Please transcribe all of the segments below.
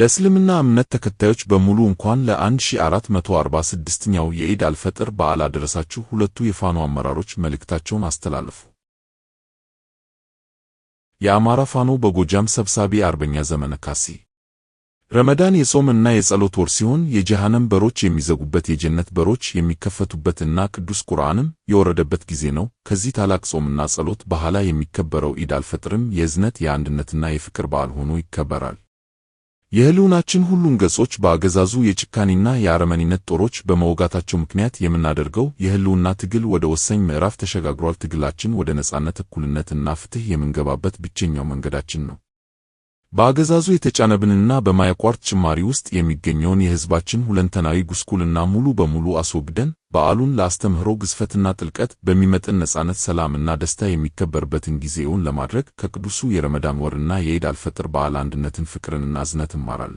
ለእስልምና እምነት ተከታዮች በሙሉ እንኳን ለ1446ኛው የኢድ አልፈጥር በዓል አደረሳችሁ። ሁለቱ የፋኖ አመራሮች መልእክታቸውን አስተላለፉ። የአማራ ፋኖ በጎጃም ሰብሳቢ አርበኛ ዘመነ ካሴ ረመዳን የጾም እና የጸሎት ወር ሲሆን የጀሃነም በሮች የሚዘጉበት የጀነት በሮች የሚከፈቱበትና ቅዱስ ቁርአንም የወረደበት ጊዜ ነው። ከዚህ ታላቅ ጾምና ጸሎት በኋላ የሚከበረው ኢድ አልፈጥርም የእዝነት የአንድነትና የፍቅር በዓል ሆኖ ይከበራል። የህልውናችን ሁሉን ገጾች በአገዛዙ የጭካኔና የአረመኒነት ጦሮች በመወጋታቸው ምክንያት የምናደርገው የህልውና ትግል ወደ ወሳኝ ምዕራፍ ተሸጋግሯል። ትግላችን ወደ ነጻነት፣ እኩልነትና ፍትህ የምንገባበት ብቸኛው መንገዳችን ነው። በአገዛዙ የተጫነብንና በማያቋርጥ ጭማሪ ውስጥ የሚገኘውን የሕዝባችን ሁለንተናዊ ጉስቁልና ሙሉ በሙሉ አስወግደን በዓሉን ለአስተምህሮ ግዝፈትና ጥልቀት በሚመጥን ነጻነት፣ ሰላምና ደስታ የሚከበርበትን ጊዜውን ለማድረግ ከቅዱሱ የረመዳን ወርና የኢድ አልፈጥር በዓል አንድነትን፣ ፍቅርንና እዝነትን እማራል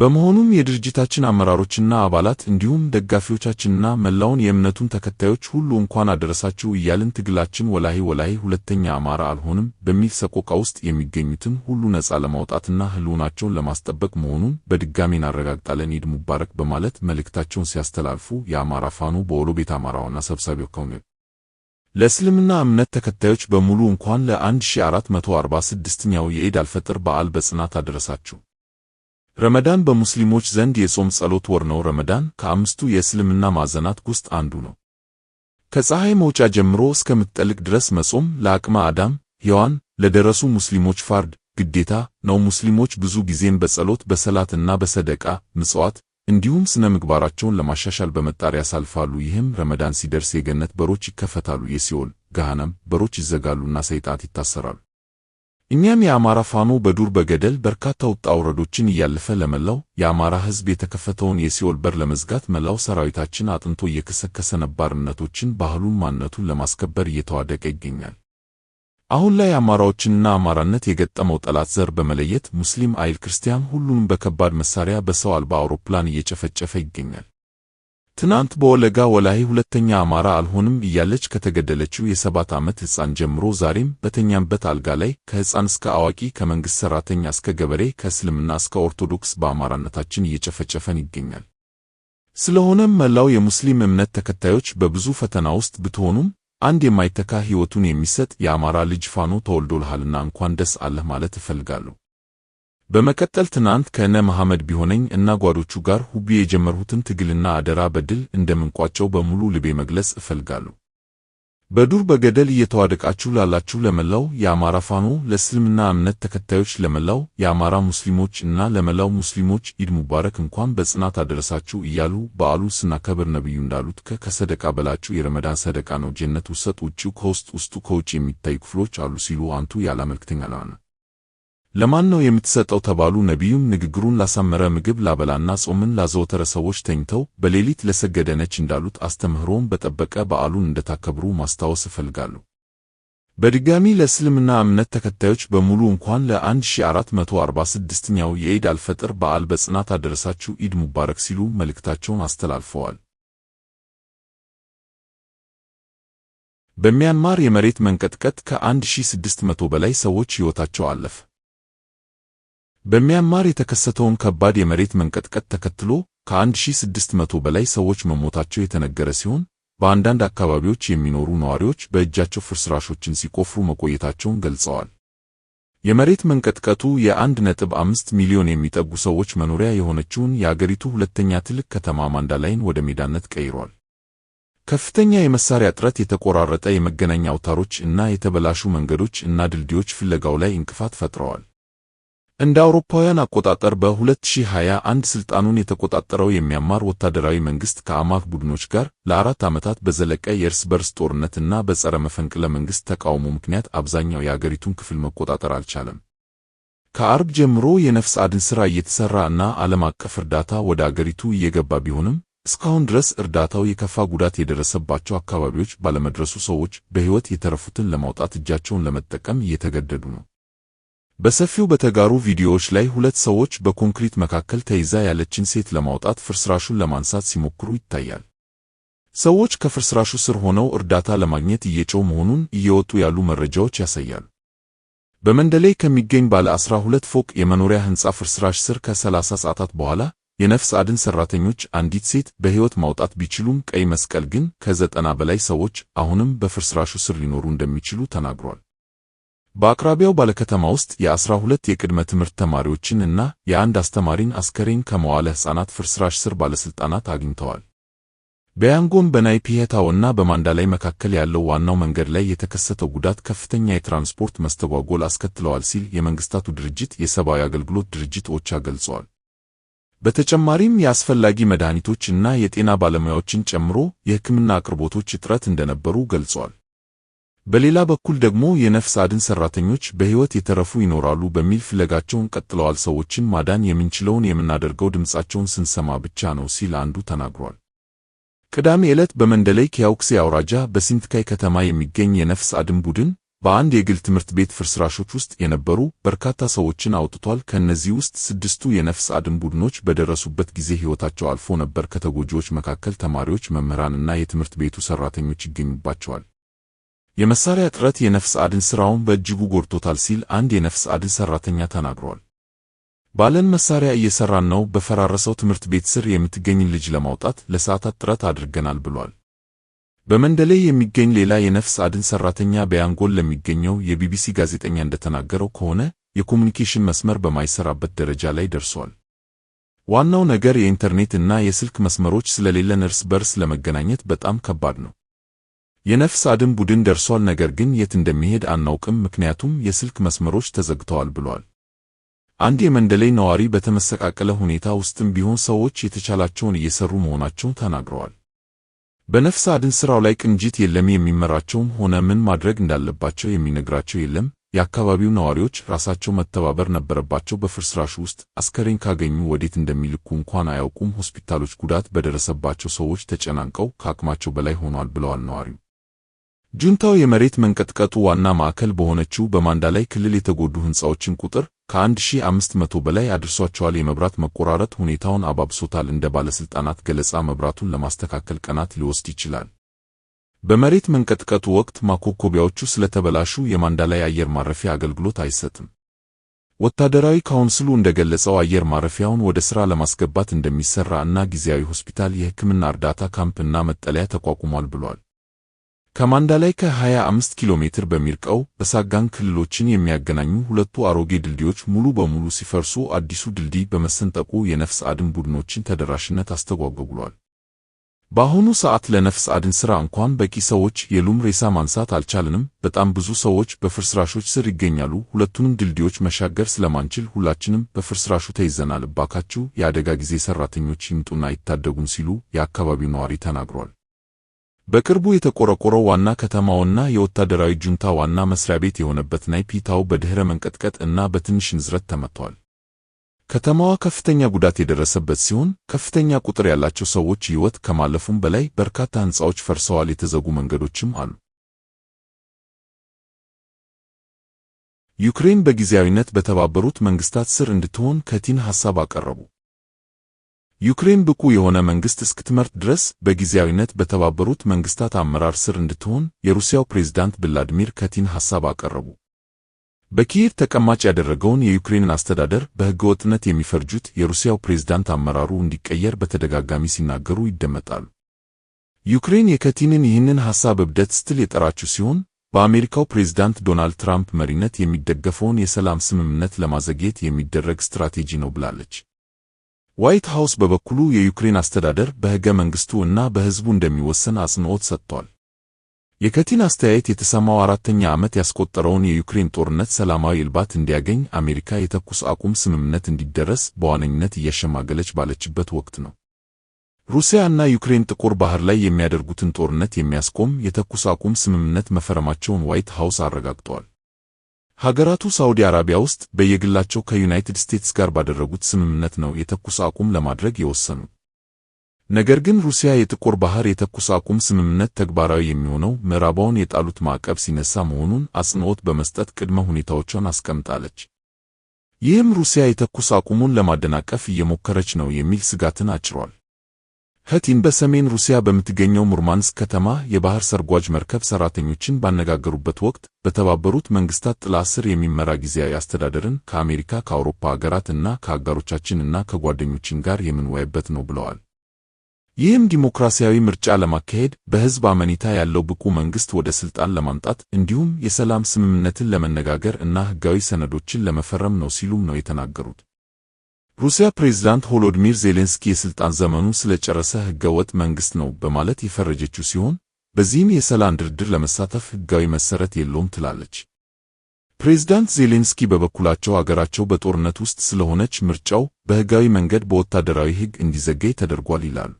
በመሆኑም የድርጅታችን አመራሮችና አባላት እንዲሁም ደጋፊዎቻችንና መላውን የእምነቱን ተከታዮች ሁሉ እንኳን አደረሳችሁ እያልን ትግላችን ወላሂ ወላሂ ሁለተኛ አማራ አልሆንም በሚል ሰቆቃ ውስጥ የሚገኙትን ሁሉ ነጻ ለማውጣትና ህልውናቸውን ለማስጠበቅ መሆኑን በድጋሚ እናረጋግጣለን። ኢድ ሙባረክ በማለት መልእክታቸውን ሲያስተላልፉ የአማራ ፋኖ በወሎ ቤት አማራውና ሰብሳቢው ከውኔል ለእስልምና እምነት ተከታዮች በሙሉ እንኳን ለ1446ኛው የኢድ አልፈጥር በዓል በጽናት አደረሳችሁ። ረመዳን በሙስሊሞች ዘንድ የጾም ጸሎት ወር ነው። ረመዳን ከአምስቱ የእስልምና ማዕዘናት ውስጥ አንዱ ነው። ከፀሐይ መውጫ ጀምሮ እስከምትጠልቅ ድረስ መጾም ለአቅመ አዳም ሔዋን ለደረሱ ሙስሊሞች ፋርድ ግዴታ ነው። ሙስሊሞች ብዙ ጊዜም በጸሎት በሰላትና በሰደቃ ምጽዋት እንዲሁም ስነ ምግባራቸውን ለማሻሻል በመጣር ያሳልፋሉ። ይህም ረመዳን ሲደርስ የገነት በሮች ይከፈታሉ፣ የሲኦል ገሃነም በሮች ይዘጋሉና ሰይጣት ይታሰራሉ። እኛም የአማራ ፋኖ በዱር በገደል በርካታ ውጣ ውረዶችን እያለፈ ለመላው የአማራ ሕዝብ የተከፈተውን የሲኦል በር ለመዝጋት መላው ሰራዊታችን አጥንቶ እየከሰከሰ ነባርነቶችን፣ ባህሉን፣ ማንነቱን ለማስከበር እየተዋደቀ ይገኛል። አሁን ላይ አማራዎችንና አማራነት የገጠመው ጠላት ዘር በመለየት ሙስሊም፣ አይል፣ ክርስቲያን ሁሉንም በከባድ መሳሪያ በሰው አልባ አውሮፕላን እየጨፈጨፈ ይገኛል። ትናንት በወለጋ ወላሂ ሁለተኛ አማራ አልሆንም እያለች ከተገደለችው የሰባት ዓመት ሕፃን ጀምሮ ዛሬም በተኛንበት አልጋ ላይ ከሕፃን እስከ አዋቂ ከመንግሥት ሠራተኛ እስከ ገበሬ ከእስልምና እስከ ኦርቶዶክስ በአማራነታችን እየጨፈጨፈን ይገኛል። ስለሆነም መላው የሙስሊም እምነት ተከታዮች በብዙ ፈተና ውስጥ ብትሆኑም አንድ የማይተካ ሕይወቱን የሚሰጥ የአማራ ልጅ ፋኖ ተወልዶልሃልና እንኳን ደስ አለህ ማለት እፈልጋለሁ። በመቀጠል ትናንት ከነ መሐመድ ቢሆነኝ እና ጓዶቹ ጋር ሁቤ የጀመርሁትን ትግልና አደራ በድል እንደምንቋጨው በሙሉ ልቤ መግለጽ እፈልጋለሁ። በዱር በገደል እየተዋደቃችሁ ላላችሁ ለመላው የአማራ ፋኖ፣ ለእስልምና እምነት ተከታዮች፣ ለመላው የአማራ ሙስሊሞች እና ለመላው ሙስሊሞች ኢድ ሙባረክ እንኳን በጽናት አደረሳችሁ እያሉ በዓሉ ስናከብር ነቢዩ እንዳሉት ከሰደቃ በላችሁ የረመዳን ሰደቃ ነው ጀነት ውሰጥ ውጪው ከውስጥ ውስጡ ከውጭ የሚታዩ ክፍሎች አሉ ሲሉ አንቱ ያላ መልክተኛ ለማን ነው የምትሰጠው ተባሉ። ነቢዩም ንግግሩን ላሳመረ፣ ምግብ ላበላና ጾምን ላዘወተረ፣ ሰዎች ተኝተው በሌሊት ለሰገደ ነች እንዳሉት አስተምህሮን በጠበቀ በዓሉን እንደታከብሩ ማስታወስ እፈልጋለሁ። በድጋሚ ለእስልምና እምነት ተከታዮች በሙሉ እንኳን ለ1446ኛው የኢድ አልፈጥር በዓል በጽናት አደረሳችሁ ኢድ ሙባረክ ሲሉ መልእክታቸውን አስተላልፈዋል። በሚያንማር የመሬት መንቀጥቀጥ ከ1600 በላይ ሰዎች ሕይወታቸው አለፈ። በሚያማር የተከሰተውን ከባድ የመሬት መንቀጥቀጥ ተከትሎ ከ1600 በላይ ሰዎች መሞታቸው የተነገረ ሲሆን በአንዳንድ አካባቢዎች የሚኖሩ ነዋሪዎች በእጃቸው ፍርስራሾችን ሲቆፍሩ መቆየታቸውን ገልጸዋል። የመሬት መንቀጥቀጡ የ1.5 ሚሊዮን የሚጠጉ ሰዎች መኖሪያ የሆነችውን የአገሪቱ ሁለተኛ ትልቅ ከተማ ማንዳላይን ወደ ሜዳነት ቀይሯል። ከፍተኛ የመሳሪያ እጥረት፣ የተቆራረጠ የመገናኛ አውታሮች እና የተበላሹ መንገዶች እና ድልድዮች ፍለጋው ላይ እንቅፋት ፈጥረዋል። እንደ አውሮፓውያን አቆጣጠር በ2021 ስልጣኑን የተቆጣጠረው የሚያማር ወታደራዊ መንግስት ከአማክ ቡድኖች ጋር ለአራት ዓመታት በዘለቀ የእርስ በርስ ጦርነትና በጸረ መፈንቅለ መንግስት ተቃውሞ ምክንያት አብዛኛው የአገሪቱን ክፍል መቆጣጠር አልቻለም። ከአርብ ጀምሮ የነፍስ አድን ሥራ እየተሠራ እና ዓለም አቀፍ እርዳታ ወደ አገሪቱ እየገባ ቢሆንም እስካሁን ድረስ እርዳታው የከፋ ጉዳት የደረሰባቸው አካባቢዎች ባለመድረሱ ሰዎች በሕይወት የተረፉትን ለማውጣት እጃቸውን ለመጠቀም እየተገደዱ ነው። በሰፊው በተጋሩ ቪዲዮዎች ላይ ሁለት ሰዎች በኮንክሪት መካከል ተይዛ ያለችን ሴት ለማውጣት ፍርስራሹን ለማንሳት ሲሞክሩ ይታያል። ሰዎች ከፍርስራሹ ስር ሆነው እርዳታ ለማግኘት እየጮሁ መሆኑን እየወጡ ያሉ መረጃዎች ያሳያሉ። በመንደሌይ ከሚገኝ ባለ 12 ፎቅ የመኖሪያ ሕንፃ ፍርስራሽ ስር ከ30 ሰዓታት በኋላ የነፍስ አድን ሰራተኞች አንዲት ሴት በሕይወት ማውጣት ቢችሉም ቀይ መስቀል ግን ከዘጠና በላይ ሰዎች አሁንም በፍርስራሹ ስር ሊኖሩ እንደሚችሉ ተናግሯል። በአቅራቢያው ባለከተማ ውስጥ የአስራ ሁለት የቅድመ ትምህርት ተማሪዎችን እና የአንድ አስተማሪን አስከሬን ከመዋለ ሕፃናት ፍርስራሽ ስር ባለሥልጣናት አግኝተዋል። በያንጎን እና በማንዳላይ መካከል ያለው ዋናው መንገድ ላይ የተከሰተው ጉዳት ከፍተኛ የትራንስፖርት መስተጓጎል አስከትለዋል ሲል የመንግሥታቱ ድርጅት የሰብዓዊ አገልግሎት ድርጅት ኦቻ ገልጿል። በተጨማሪም የአስፈላጊ መድኃኒቶች እና የጤና ባለሙያዎችን ጨምሮ የሕክምና አቅርቦቶች እጥረት እንደነበሩ ገልጿል። በሌላ በኩል ደግሞ የነፍስ አድን ሰራተኞች በሕይወት የተረፉ ይኖራሉ በሚል ፍለጋቸውን ቀጥለዋል። ሰዎችን ማዳን የምንችለውን የምናደርገው ድምፃቸውን ስንሰማ ብቻ ነው ሲል አንዱ ተናግሯል። ቅዳሜ ዕለት በመንደለይ ኪያውክሴ አውራጃ በሲንትካይ ከተማ የሚገኝ የነፍስ አድን ቡድን በአንድ የግል ትምህርት ቤት ፍርስራሾች ውስጥ የነበሩ በርካታ ሰዎችን አውጥቷል። ከእነዚህ ውስጥ ስድስቱ የነፍስ አድን ቡድኖች በደረሱበት ጊዜ ሕይወታቸው አልፎ ነበር። ከተጎጂዎች መካከል ተማሪዎች፣ መምህራንና የትምህርት ቤቱ ሠራተኞች ይገኙባቸዋል። የመሳሪያ እጥረት የነፍስ አድን ስራውን በእጅጉ ጎድቶታል ሲል አንድ የነፍስ አድን ሰራተኛ ተናግሯል። ባለን መሳሪያ እየሰራን ነው። በፈራረሰው ትምህርት ቤት ስር የምትገኝን ልጅ ለማውጣት ለሰዓታት ጥረት አድርገናል ብሏል። በመንደሌ የሚገኝ ሌላ የነፍስ አድን ሰራተኛ በያንጎል ለሚገኘው የቢቢሲ ጋዜጠኛ እንደተናገረው ከሆነ የኮሙኒኬሽን መስመር በማይሰራበት ደረጃ ላይ ደርሷል። ዋናው ነገር የኢንተርኔት እና የስልክ መስመሮች ስለሌለን እርስ በርስ ለመገናኘት በጣም ከባድ ነው። የነፍስ አድን ቡድን ደርሷል፣ ነገር ግን የት እንደሚሄድ አናውቅም፣ ምክንያቱም የስልክ መስመሮች ተዘግተዋል ብሏል። አንድ የመንደሌይ ነዋሪ በተመሰቃቀለ ሁኔታ ውስጥም ቢሆን ሰዎች የተቻላቸውን እየሰሩ መሆናቸውን ተናግረዋል። በነፍስ አድን ስራው ላይ ቅንጅት የለም፣ የሚመራቸውም ሆነ ምን ማድረግ እንዳለባቸው የሚነግራቸው የለም። የአካባቢው ነዋሪዎች ራሳቸው መተባበር ነበረባቸው። በፍርስራሽ ውስጥ አስከሬን ካገኙ ወዴት እንደሚልኩ እንኳን አያውቁም። ሆስፒታሎች ጉዳት በደረሰባቸው ሰዎች ተጨናንቀው ከአቅማቸው በላይ ሆኗል ብለዋል ነዋሪው። ጁንታው የመሬት መንቀጥቀጡ ዋና ማዕከል በሆነችው በማንዳላይ ክልል የተጎዱ ሕንፃዎችን ቁጥር ከ1500 በላይ አድርሷቸዋል። የመብራት መቆራረጥ ሁኔታውን አባብሶታል። እንደ ባለሥልጣናት ገለጻ መብራቱን ለማስተካከል ቀናት ሊወስድ ይችላል። በመሬት መንቀጥቀጡ ወቅት ማኮኮቢያዎቹ ስለተበላሹ የማንዳላይ አየር ማረፊያ አገልግሎት አይሰጥም። ወታደራዊ ካውንስሉ እንደገለጸው አየር ማረፊያውን ወደ ሥራ ለማስገባት እንደሚሠራ እና ጊዜያዊ ሆስፒታል፣ የሕክምና እርዳታ ካምፕ እና መጠለያ ተቋቁሟል ብሏል። ከማንዳ ላይ ከ25 ኪሎ ሜትር በሚርቀው በሳጋን ክልሎችን የሚያገናኙ ሁለቱ አሮጌ ድልድዮች ሙሉ በሙሉ ሲፈርሱ አዲሱ ድልድይ በመሰንጠቁ የነፍስ አድን ቡድኖችን ተደራሽነት አስተጓጉሏል። በአሁኑ ሰዓት ለነፍስ አድን ሥራ እንኳን በቂ ሰዎች የሉም። ሬሳ ማንሳት አልቻልንም። በጣም ብዙ ሰዎች በፍርስራሾች ስር ይገኛሉ። ሁለቱንም ድልድዮች መሻገር ስለማንችል ሁላችንም በፍርስራሹ ተይዘናል። እባካችሁ የአደጋ ጊዜ ሠራተኞች ይምጡና ይታደጉን ሲሉ የአካባቢው ነዋሪ ተናግሯል። በቅርቡ የተቆረቆረው ዋና ከተማውና የወታደራዊ ጁንታ ዋና መስሪያ ቤት የሆነበት ናይፒታው በድኅረ መንቀጥቀጥ እና በትንሽ ንዝረት ተመቷል። ከተማዋ ከፍተኛ ጉዳት የደረሰበት ሲሆን ከፍተኛ ቁጥር ያላቸው ሰዎች ሕይወት ከማለፉም በላይ በርካታ ሕንፃዎች ፈርሰዋል፣ የተዘጉ መንገዶችም አሉ። ዩክሬን በጊዜያዊነት በተባበሩት መንግሥታት ስር እንድትሆን ከቲን ሐሳብ አቀረቡ። ዩክሬን ብቁ የሆነ መንግስት እስክትመርት ድረስ በጊዜያዊነት በተባበሩት መንግስታት አመራር ስር እንድትሆን የሩሲያው ፕሬዝዳንት ቭላድሚር ከቲን ሐሳብ አቀረቡ። በኪየቭ ተቀማጭ ያደረገውን የዩክሬንን አስተዳደር በሕገወጥነት የሚፈርጁት የሩሲያው ፕሬዝዳንት አመራሩ እንዲቀየር በተደጋጋሚ ሲናገሩ ይደመጣሉ። ዩክሬን የከቲንን ይህንን ሐሳብ እብደት ስትል የጠራችው ሲሆን በአሜሪካው ፕሬዝዳንት ዶናልድ ትራምፕ መሪነት የሚደገፈውን የሰላም ስምምነት ለማዘግየት የሚደረግ ስትራቴጂ ነው ብላለች። ዋይት ሃውስ በበኩሉ የዩክሬን አስተዳደር በሕገ መንግሥቱ እና በሕዝቡ እንደሚወሰን አጽንዖት ሰጥቷል። የከቲን አስተያየት የተሰማው አራተኛ ዓመት ያስቆጠረውን የዩክሬን ጦርነት ሰላማዊ እልባት እንዲያገኝ አሜሪካ የተኩስ አቁም ስምምነት እንዲደረስ በዋነኝነት እያሸማገለች ባለችበት ወቅት ነው። ሩሲያ እና ዩክሬን ጥቁር ባህር ላይ የሚያደርጉትን ጦርነት የሚያስቆም የተኩስ አቁም ስምምነት መፈረማቸውን ዋይት ሃውስ አረጋግጠዋል። ሀገራቱ ሳውዲ አረቢያ ውስጥ በየግላቸው ከዩናይትድ ስቴትስ ጋር ባደረጉት ስምምነት ነው የተኩስ አቁም ለማድረግ የወሰኑ። ነገር ግን ሩሲያ የጥቁር ባህር የተኩስ አቁም ስምምነት ተግባራዊ የሚሆነው ምዕራባውን የጣሉት ማዕቀብ ሲነሳ መሆኑን አጽንኦት በመስጠት ቅድመ ሁኔታዎቿን አስቀምጣለች። ይህም ሩሲያ የተኩስ አቁሙን ለማደናቀፍ እየሞከረች ነው የሚል ስጋትን አጭሯል። ፑቲን በሰሜን ሩሲያ በምትገኘው ሙርማንስክ ከተማ የባህር ሰርጓጅ መርከብ ሰራተኞችን ባነጋገሩበት ወቅት በተባበሩት መንግስታት ጥላ ስር የሚመራ ጊዜያዊ አስተዳደርን ከአሜሪካ፣ ከአውሮፓ ሀገራት እና ከአጋሮቻችን እና ከጓደኞችን ጋር የምንወያይበት ነው ብለዋል። ይህም ዲሞክራሲያዊ ምርጫ ለማካሄድ በህዝብ አመኔታ ያለው ብቁ መንግስት ወደ ስልጣን ለማምጣት እንዲሁም የሰላም ስምምነትን ለመነጋገር እና ህጋዊ ሰነዶችን ለመፈረም ነው ሲሉም ነው የተናገሩት። ሩሲያ ፕሬዝዳንት ሆሎዲሚር ዜሌንስኪ የሥልጣን ዘመኑን ስለጨረሰ ሕገወጥ መንግሥት ነው በማለት የፈረጀችው ሲሆን በዚህም የሰላም ድርድር ለመሳተፍ ሕጋዊ መሠረት የለውም ትላለች። ፕሬዝዳንት ዜሌንስኪ በበኩላቸው አገራቸው በጦርነት ውስጥ ስለሆነች ምርጫው በሕጋዊ መንገድ በወታደራዊ ሕግ እንዲዘገይ ተደርጓል ይላሉ።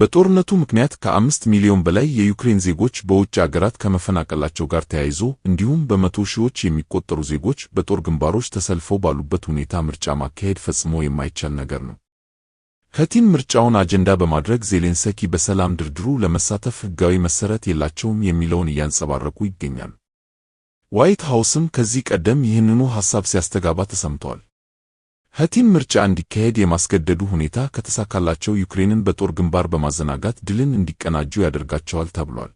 በጦርነቱ ምክንያት ከአምስት ሚሊዮን በላይ የዩክሬን ዜጎች በውጭ አገራት ከመፈናቀላቸው ጋር ተያይዞ እንዲሁም በመቶ ሺዎች የሚቆጠሩ ዜጎች በጦር ግንባሮች ተሰልፈው ባሉበት ሁኔታ ምርጫ ማካሄድ ፈጽሞ የማይቻል ነገር ነው። ከቲን ምርጫውን አጀንዳ በማድረግ ዜሌንስኪ በሰላም ድርድሩ ለመሳተፍ ሕጋዊ መሰረት የላቸውም የሚለውን እያንጸባረቁ ይገኛሉ። ዋይት ሃውስም ከዚህ ቀደም ይህንኑ ሐሳብ ሲያስተጋባ ተሰምተዋል። ሀቲም ምርጫ እንዲካሄድ የማስገደዱ ሁኔታ ከተሳካላቸው ዩክሬንን በጦር ግንባር በማዘናጋት ድልን እንዲቀናጁ ያደርጋቸዋል ተብሏል።